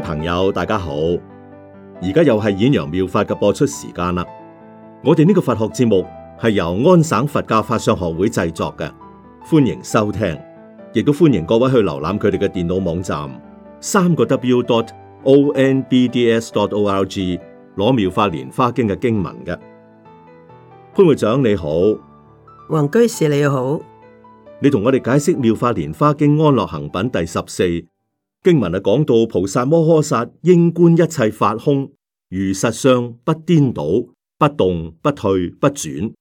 朋友，大家好！而家又係演揚妙法嘅播出時間啦。我哋呢個佛學節目係由安省佛教法相學會製作嘅，歡迎收聽，亦都歡迎各位去瀏覽佢哋嘅電腦網站三個 W dot O N B D S dot O R G，攞妙法蓮花經嘅經文嘅。潘會長你好，黃居士你好，你同我哋解釋妙法蓮花經安樂行品第十四。經文啊，講到菩薩摩訶薩應觀一切法空如實相，不顛倒、不動、不退、不轉。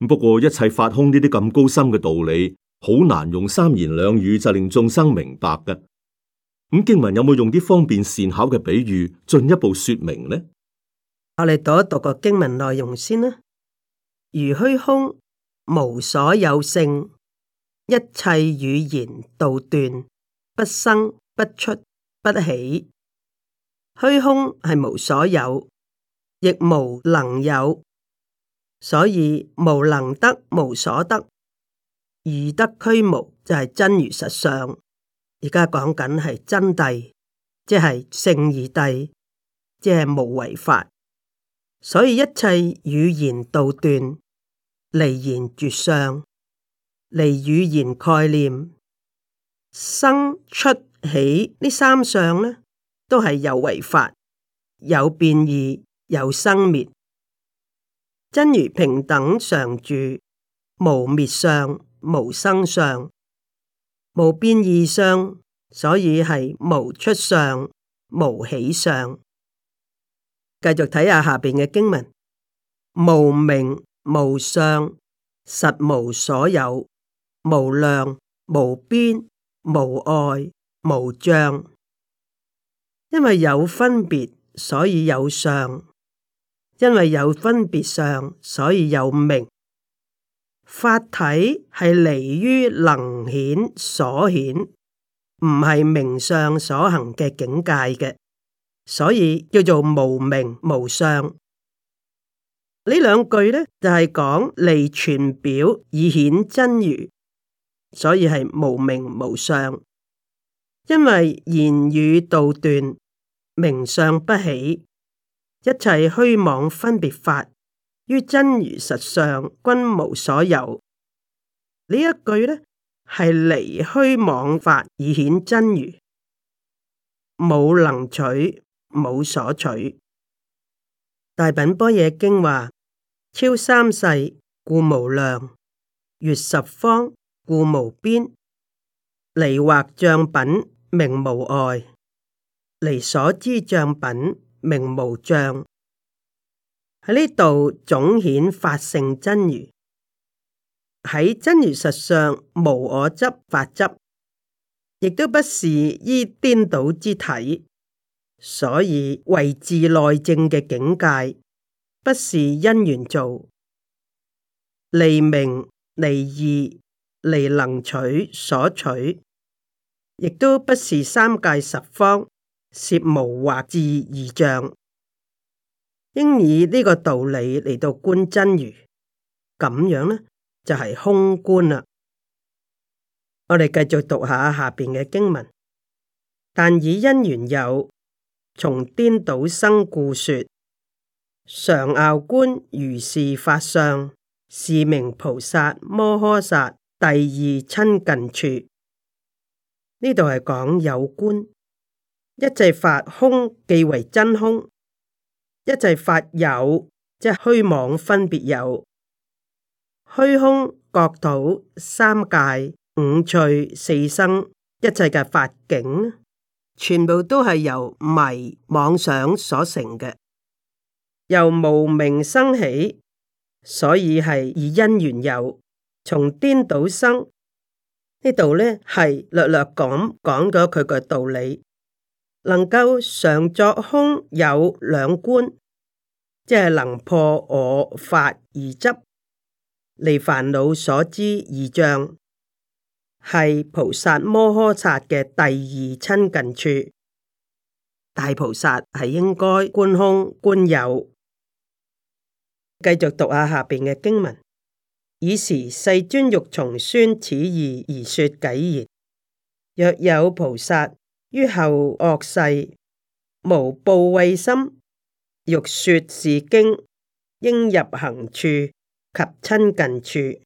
咁不過一切法空呢啲咁高深嘅道理，好難用三言兩語就令眾生明白㗎。咁經文有冇用啲方便善巧嘅比喻進一步說明呢？我哋讀一讀個經文內容先啦。如虛空無所有性，一切語言道斷不生。不出不起，虛空係無所有，亦無能有，所以無能得無所得。而得虛無就係、是、真如實相。而家講緊係真諦，即係聖義諦，即係無為法。所以一切語言道斷，離言絕相，離語言概念生出。起呢三相呢，都係有為法，有變異，有生滅。真如平等常住，無滅相，無生相，無變異相，所以係無出相，無起相。繼續睇下下邊嘅經文：無名無相，實無所有；無量無邊無礙。無相，因為有分別，所以有相；因為有分別相，所以有名。法體係離於能顯所顯，唔係名相所行嘅境界嘅，所以叫做無名無相。呢兩句呢，就係講離詮表以顯真如，所以係無名無相。因為言語道斷，名相不起，一切虛妄分別法於真如實相均無所有。呢一句咧係離虛妄法以顯真如，冇能取，冇所取。大品般若經話：超三世故無量，越十方故無邊，離惑障品。名無礙，離所知障品，名無障。喺呢度總顯法性真如，喺真如實上無我執法執，亦都不是依顛倒之體，所以為自內證嘅境界，不是因緣造，離名離義，離能取所取。亦都不是三界十方涉無惑智異象，應以呢個道理嚟到觀真如，咁樣呢就係、是、空觀啦。我哋繼續讀下下面嘅經文，但以因緣有，從顛倒生故，說常樂觀如是法相，是名菩薩摩訶薩第二親近處。呢度係講有觀，一切法空，既為真空；一切法有，即虛妄分別有。虛空各土三界五趣四生，一切嘅法境，全部都係由迷妄想所成嘅，由無明生起，所以係以因緣有，從顛倒生。呢度咧係略略講講咗佢嘅道理，能夠常作空有兩觀，即係能破我法二執，離煩惱所知二障，係菩薩摩訶薩嘅第二親近處。大菩薩係應該觀空觀有。繼續讀下下邊嘅經文。以時世尊欲重宣此義而說偈言：若有菩薩於後惡世無怖畏心，欲說是經，應入行處及親近處。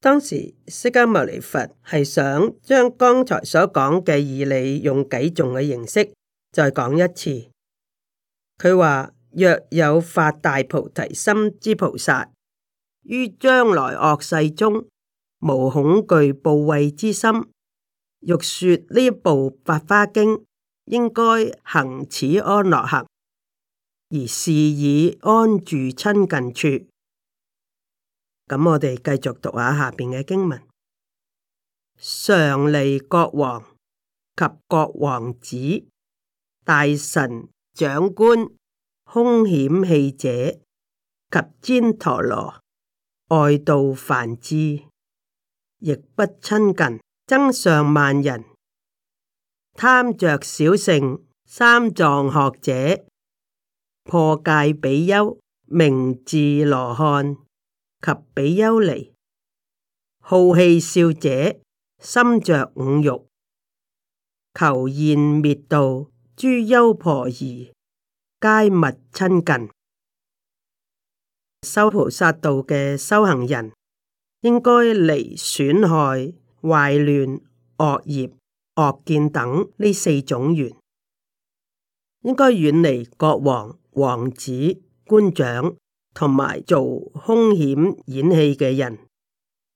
當時釋迦牟尼佛係想將剛才所講嘅義理用偈頌嘅形式再講一次。佢話：若有發大菩提心之菩薩，於將來惡世中，無恐懼怖畏之心。欲說呢一部《法華經》，應該行此安樂行，而是以安住親近處。咁我哋繼續讀下下邊嘅經文：常離國王及國王子、大臣、長官、凶險戲者及旃陀羅。外道梵志，亦不親近；增上慢人貪着小乘，三藏學者破戒比丘、名字羅漢及比丘尼，好戲笑者深着五欲，求現滅度諸優婆夷，皆勿親近。修菩薩道嘅修行人，應該離損害、壞亂、惡業、惡見等呢四種緣，應該遠離國王、王子、官長，同埋做凶險演戲嘅人、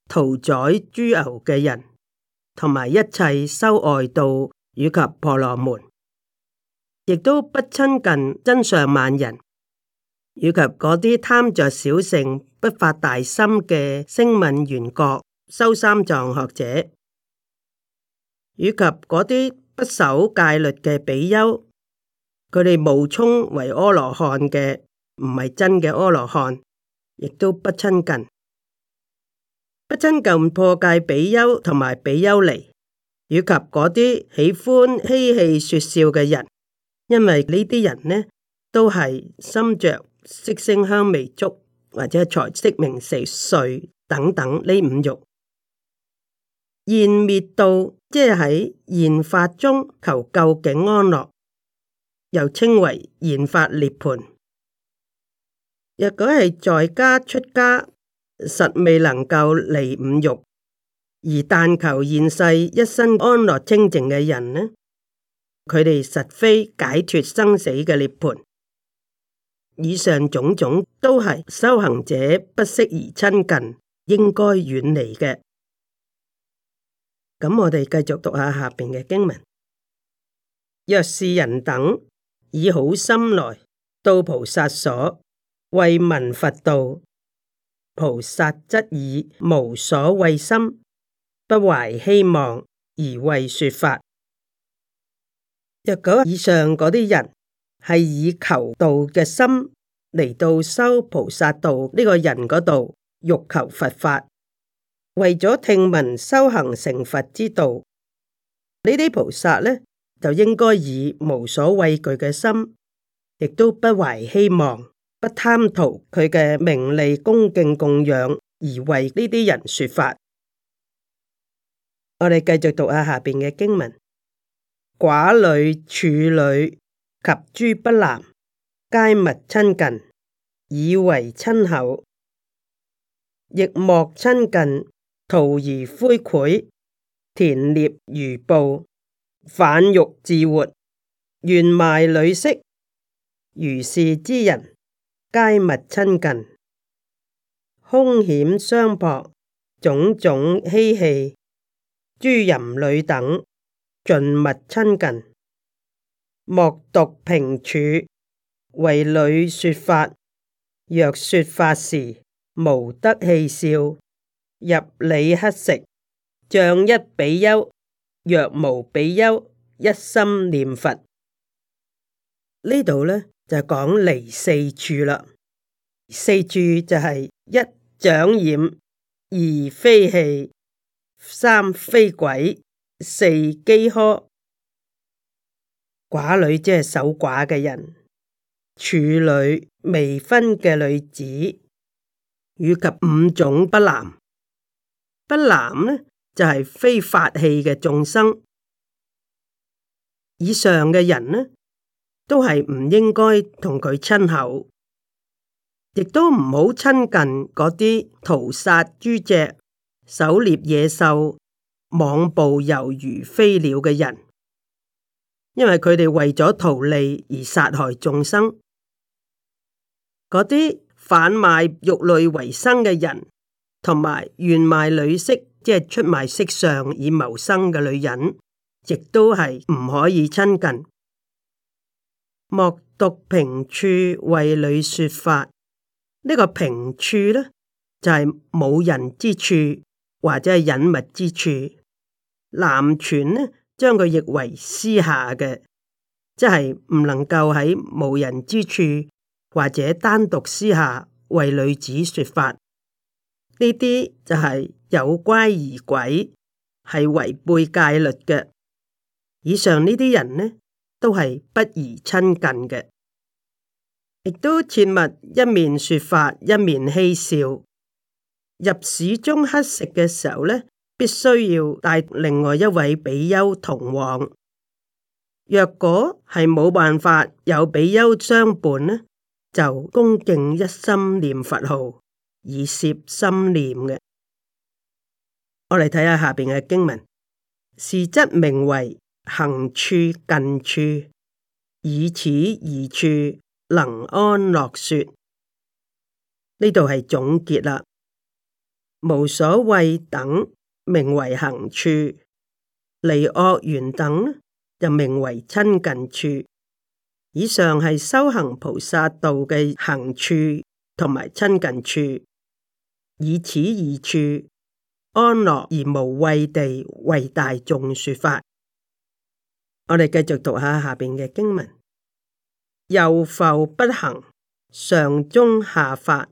屠宰豬牛嘅人，同埋一切修外道以及婆羅門，亦都不親近增上慢人。以及嗰啲貪着小乘、不發大心嘅聲聞緣覺、修三藏學者，以及嗰啲不守戒律嘅比丘，佢哋冒充為阿羅漢嘅，唔係真嘅阿羅漢，亦都不親近，不親近破戒比丘同埋比丘尼，以及嗰啲喜歡嬉戲說笑嘅人，因為呢啲人呢都係心着。色聲香味觸，或者係財色名食睡等等呢五欲，現滅道即係喺現法中求究竟安樂，又稱為現法涅盤。若果係在家出家，實未能夠離五欲，而但求現世一身安樂清淨嘅人呢，佢哋實非解脫生死嘅涅盤。以上種種都係修行者不適宜親近，應該遠離嘅。咁我哋繼續讀下下面嘅經文：若是人等以好心來到菩薩所，為聞佛道，菩薩則以無所畏心，不懷希望而為說法。若果以上嗰啲人，係以求道嘅心嚟到修菩薩道呢個人嗰度，欲求佛法，為咗聽聞修行成佛之道，呢啲菩薩呢就應該以無所畏懼嘅心，亦都不懷希望，不貪圖佢嘅名利恭敬供養，而為呢啲人說法。我哋繼續讀下下面嘅經文：寡女處女。及諸不男，皆勿親近，以為親厚；亦莫親近，屠兒魁膾、畋獵漁捕，販肉自活，衒賣女色。如是之人，皆勿親近。凶險相撲，種種嬉戲，諸淫女等，盡勿親近。莫獨屏處，為女說法。若說法時，無得戲笑，入里乞食，將一比丘。若無比丘，一心念佛。呢度咧就講嚟四處啦。四處就係、是、一掌染，二非氣，三非鬼，四飢渴。寡女即係守寡嘅人，處女、未婚嘅女子，以及五種不男，不男呢就係非法器嘅眾生。以上嘅人呢，都係唔應該同佢親口，亦都唔好親近嗰啲屠殺豬隻、狩獵野獸、網捕游魚飛鳥嘅人。因為佢哋為咗圖利而殺害眾生，嗰啲販賣肉類為生嘅人，同埋衒賣女色，即係出賣色相以謀生嘅女人，亦都係唔可以親近。莫獨屏處為女說法，呢、這個屏處呢，就係、是、冇人之處，或者係隱密之處，男泉呢？將佢譯為私下嘅，即係唔能夠喺無人之處或者單獨私下為女子說法，呢啲就係有乖而軌，係違背戒律嘅。以上呢啲人呢，都係不宜親近嘅，亦都切勿一面說法一面嬉笑，入市中乞食嘅時候呢，必須要帶另外一位比丘同往。若果係冇辦法有比丘相伴呢，就恭敬一心念佛號以攝心念嘅。我嚟睇下下邊嘅經文，是則名為行處近處，以此而處能安樂說。呢度係總結啦，無所畏等。名為行處離惡緣等，就名為親近處。以上係修行菩薩道嘅行處同埋親近處，以此二處安樂而無畏地為大眾說法。我哋繼續讀下下邊嘅經文：又復不行，上中下法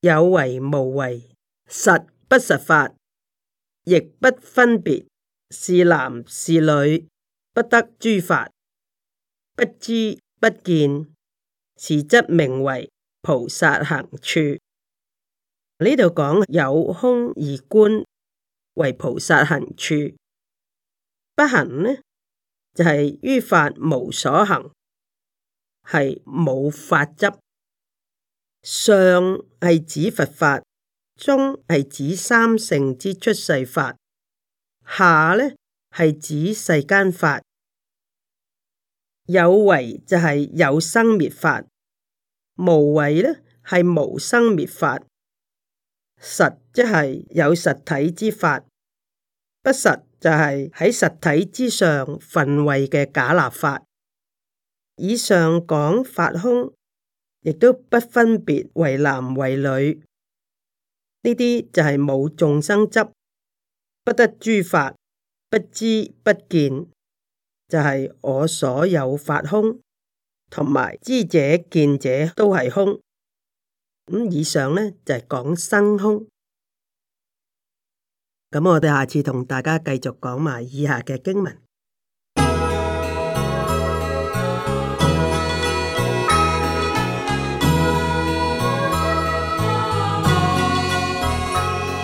有為無為，實不實法。亦不分別是男是女，不得諸法，不知不見，是則名為菩薩行處。呢度講有空而觀為菩薩行處，不行呢就係、是、於法無所行，係冇法執。上係指佛法。中係指三乘之出世法，下咧係指世間法。有為就係有生滅法，無為咧係無生滅法。實即係有實體之法，不實就係喺實體之上分位嘅假立法。以上講法空，亦都不分別為男為女。呢啲就係冇眾生執，不得諸法，不知不見，就係我所有法空，同埋知者見者都係空。咁以上咧就係講生空。咁我哋下次同大家繼續講埋以下嘅經文。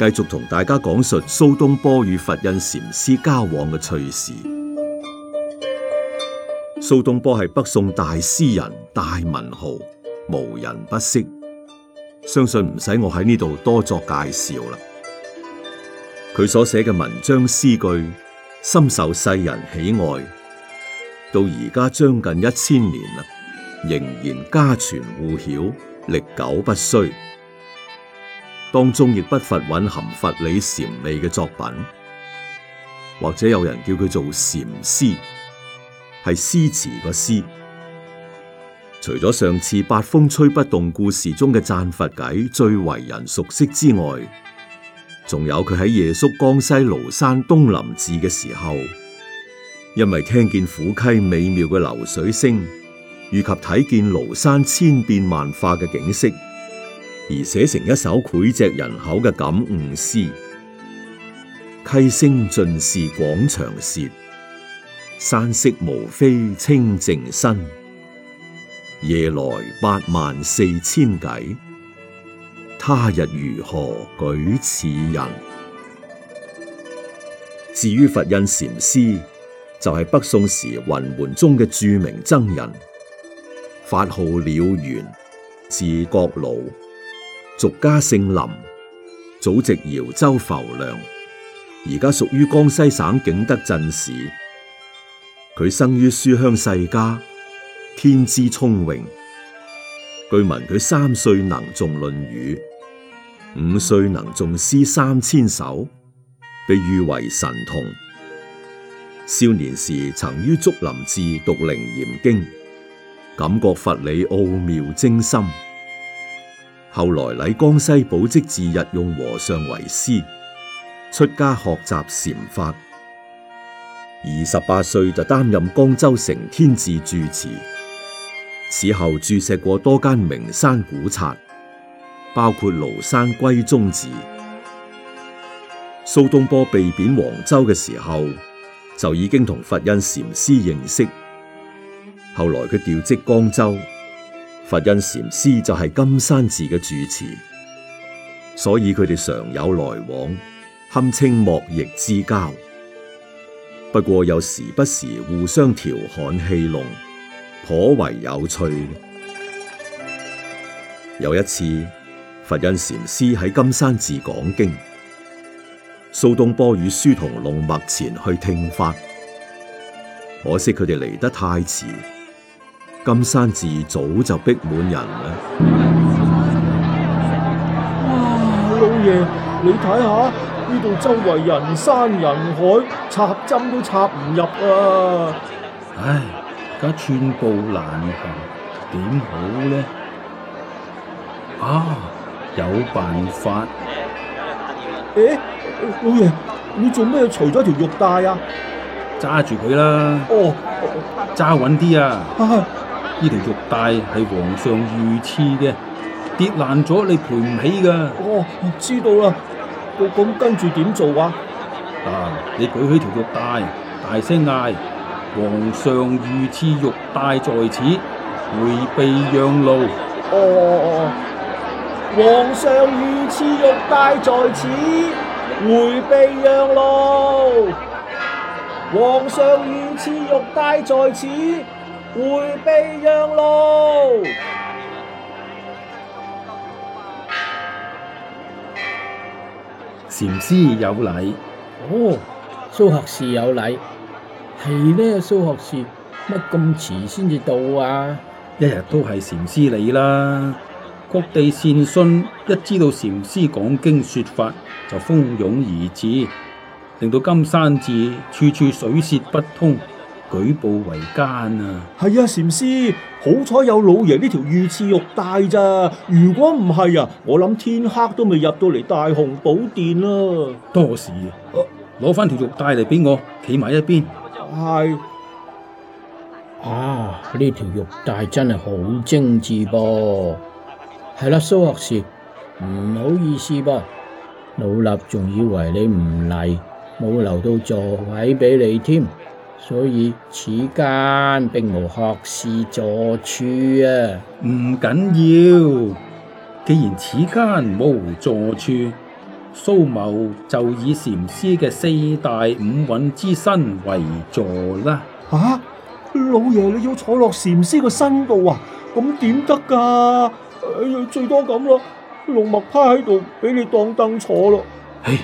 繼續同大家講述蘇東坡與佛印禪師交往嘅趣事。蘇東坡係北宋大詩人、大文豪，無人不識，相信唔使我喺呢度多作介紹啦。佢所寫嘅文章詩句，深受世人喜愛，到而家將近一千年啦，仍然家傳戶曉，歷久不衰。當中亦不乏蘊含佛理禪味嘅作品，或者有人叫佢做禪詩，係詩詞個詩。除咗上次八風吹不動故事中嘅讚佛偈最為人熟悉之外，仲有佢喺夜宿江西廬山東林寺嘅時候，因為聽見虎溪美妙嘅流水聲，以及睇見廬山千變萬化嘅景色。而寫成一首膾炙人口嘅感悟詩：溪聲盡是廣長舌，山色無非清淨身。夜來八萬四千偈，他日如何舉此人？至於佛印禪師，就係、是、北宋時雲門宗嘅著名僧人，法號了緣，字覺老。俗家姓林，祖籍饒州浮梁，而家屬於江西省景德鎮市。佢生於書香世家，天資聰穎。據聞佢三歲能誦《論語》，五歲能誦詩三千首，被譽為神童。少年時曾於竹林寺讀《靈嚴經》，感覺佛理奧妙精深。後來禮江西寶積寺日用和尚為師，出家學習禪法。二十八歲就擔任江州成天寺住持，此後駐錫過多間名山古剎，包括廬山歸宗寺。蘇東坡被貶黃州嘅時候，就已經同佛印禪師認識。後來佢調職江州。佛印禪師就係金山寺嘅住持，所以佢哋常有來往，堪稱莫逆之交。不過又時不時互相調侃戲弄，頗為有趣。有一次，佛印禪師喺金山寺講經，蘇東坡與書童龍默前去聽法，可惜佢哋嚟得太遲。金山寺早就逼滿人啦！哇，老爺，你睇下呢度周圍人山人海，插針都插唔入啊！唉，而家寸步難行，點好咧？啊，有辦法！誒、欸，老爺，你做咩除咗條玉帶啊？揸住佢啦！哦，揸穩啲啊！呢條玉帶係皇上御賜嘅，跌爛咗你賠唔起㗎。哦，知道啦，我咁跟住點做啊？嗱、啊，你舉起條玉帶，大聲嗌：皇上御賜玉帶在此，回避讓路。哦，皇上御賜玉帶在此，回避讓路。皇上御賜玉帶在此。回避讓路，禪師有禮。哦，蘇學士有禮，係呢，蘇學士乜咁遲先至到啊？一日都係禪師你啦，各地善信一知道禪師講經說法，就蜂擁而至，令到金山寺處處水泄不通。舉步維艱啊！係啊，禪師，好彩有老爺呢條御賜玉帶咋？如果唔係啊，我諗天黑都未入到嚟大雄寶殿啦！啊！多事！啊，攞翻條玉帶嚟俾我，企埋一邊。係啊，呢條玉帶真係好精致噃。啊啊。係啦，蘇學士，唔好意思噃，老衲仲以為你唔嚟，冇留到座位俾你添。所以此間並無學士坐處啊，唔緊要。既然此間冇坐處，蘇某就以禪師嘅四大五蘊之身為坐啦。吓、啊，老爺你要坐落禪師個身度啊？咁點得噶？最多咁咯，龍脈趴喺度俾你當凳坐咯。嘿，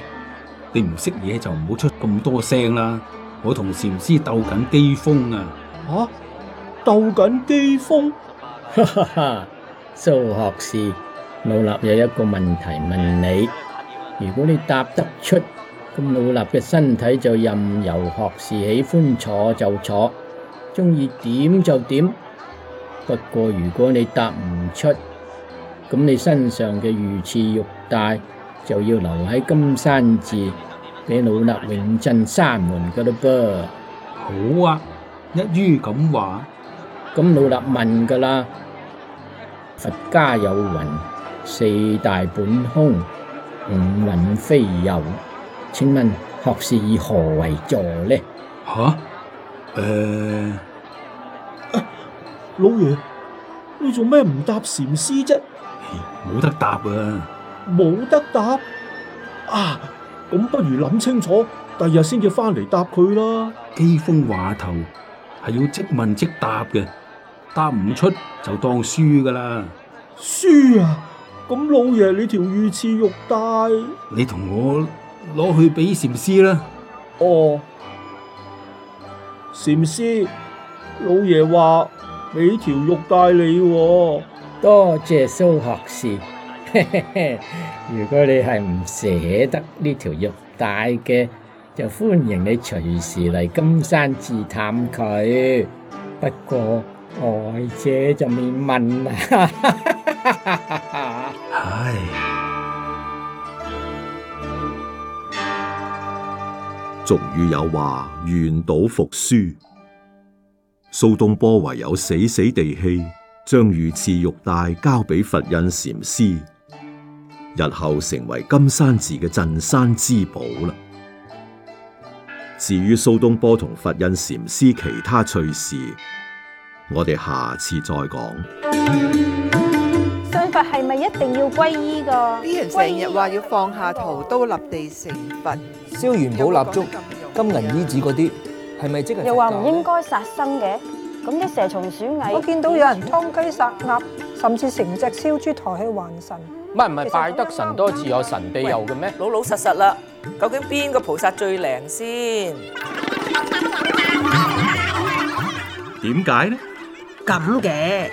你唔識嘢就唔好出咁多聲啦。我同禪師鬥緊機鋒啊！吓、啊，鬥緊機鋒，哈哈哈！蘇學士，老衲有一個問題問你，如果你答得出，咁老衲嘅身體就任由學士喜歡坐就坐，中意點就點。不過如果你答唔出，咁你身上嘅魚翅玉帶就要留喺金山寺，畀老衲，永鎮山門嘅咯噃，好啊！一於咁話，咁老衲問噶啦。佛家有云：四大本空，五蘊非有。請問學士以何為座呢？吓？誒，老爺，你做咩唔答禪師啫？冇得答啊！冇得答啊！咁不如諗清楚，第日先至翻嚟答佢啦。機鋒話頭係要即問即答嘅，答唔出就當輸噶啦。輸啊！咁老爺你條御賜玉帶，你同我攞去俾禪師啦。哦，禪師，老爺話俾條玉帶你哦。多謝蘇學士。如果你係唔捨得呢條玉帶嘅，就歡迎你隨時嚟金山寺探佢。不過，我姐就唔問啦。俗語有話，願賭服輸。蘇東坡唯有死死地氣，將魚翅玉帶交俾佛印禪師，日後成為金山寺嘅鎮山之寶啦。至於蘇東坡同佛印禪師其他趣事，我哋下次再講。信佛係咪一定要皈依噶？啲人成日話要放下屠刀立地成佛，燒元寶蠟燭、金銀衣紙嗰啲，係咪即係？又話唔應該殺生嘅？咁啲蛇蟲鼠蟻，我見到有人劏雞殺鴨，甚至成隻燒豬抬起還神。唔係唔係，拜得神多自有神庇佑嘅咩？老老實實啦，究竟邊個菩薩最靈先？點解呢？咁嘅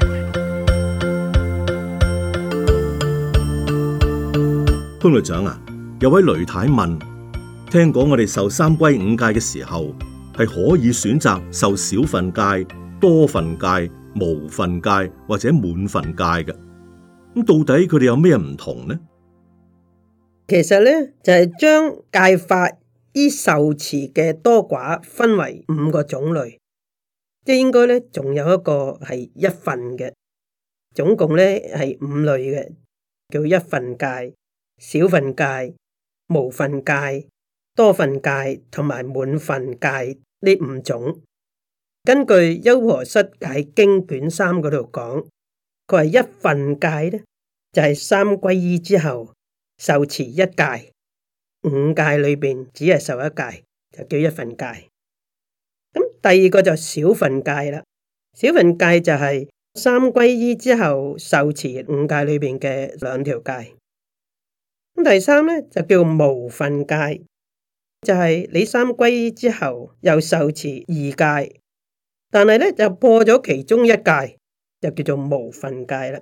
潘隊長啊，有位雷太問，聽講我哋受三歸五戒嘅時候，係可以選擇受少分戒、多分戒、無分戒或者滿分戒嘅，咁到底佢哋有咩唔同呢？其實咧就係將戒法依受持嘅多寡分為五個種類，即係應該咧仲有一個係一分嘅，總共咧係五類嘅，叫一分戒、少分戒、無分戒、多分戒同埋滿分戒呢五種。根據優婆塞戒經卷三嗰度講，佢係一分戒咧，就係、是、三歸依之後受持一戒，五戒裏面只係受一戒，就叫一分戒。咁第二個就是少分戒啦，少分戒就係三歸依之後受持五戒裏面嘅兩條戒。咁第三呢，就叫無分戒，就係、是、你三歸依之後又受持二戒。但係咧就破咗其中一戒，就叫做無分戒啦。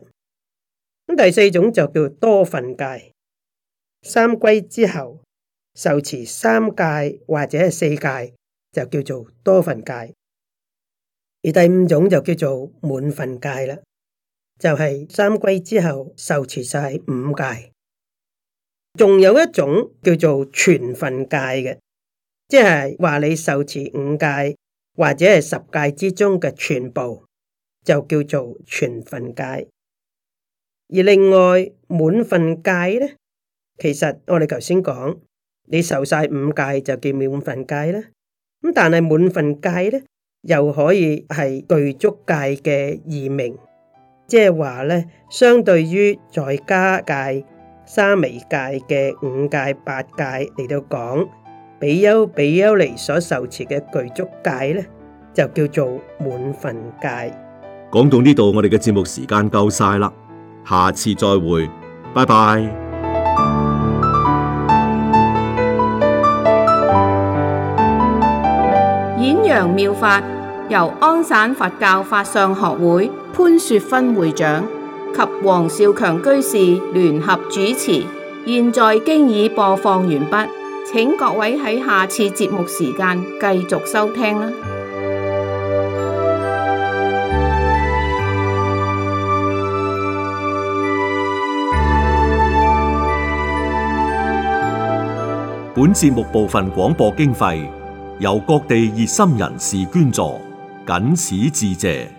咁第四種就叫多分戒，三歸之後受持三戒或者係四戒，就叫做多分戒。而第五種就叫做滿分戒啦，就係、是、三歸之後受持晒五戒。仲有一種叫做全分戒嘅，即係話你受持五戒。或者係十戒之中嘅全部，就叫做全分戒。而另外滿分戒咧，其實我哋頭先講，你受晒五戒就叫滿分戒啦。咁但係滿分戒咧，又可以係具足戒嘅異名，即係話咧，相對於在家戒、沙彌戒嘅五戒、八戒嚟到講。比丘比丘尼所受持嘅具足戒呢，就叫做滿分戒。講到呢度，我哋嘅節目時間夠晒啦，下次再會，拜拜。演揚妙法由安省佛教法相學會潘雪芬會長及黃少強居士聯合主持，現在經已播放完畢。請各位喺下次節目時間繼續收聽啦。本節目部分廣播經費由各地熱心人士捐助，僅此致謝。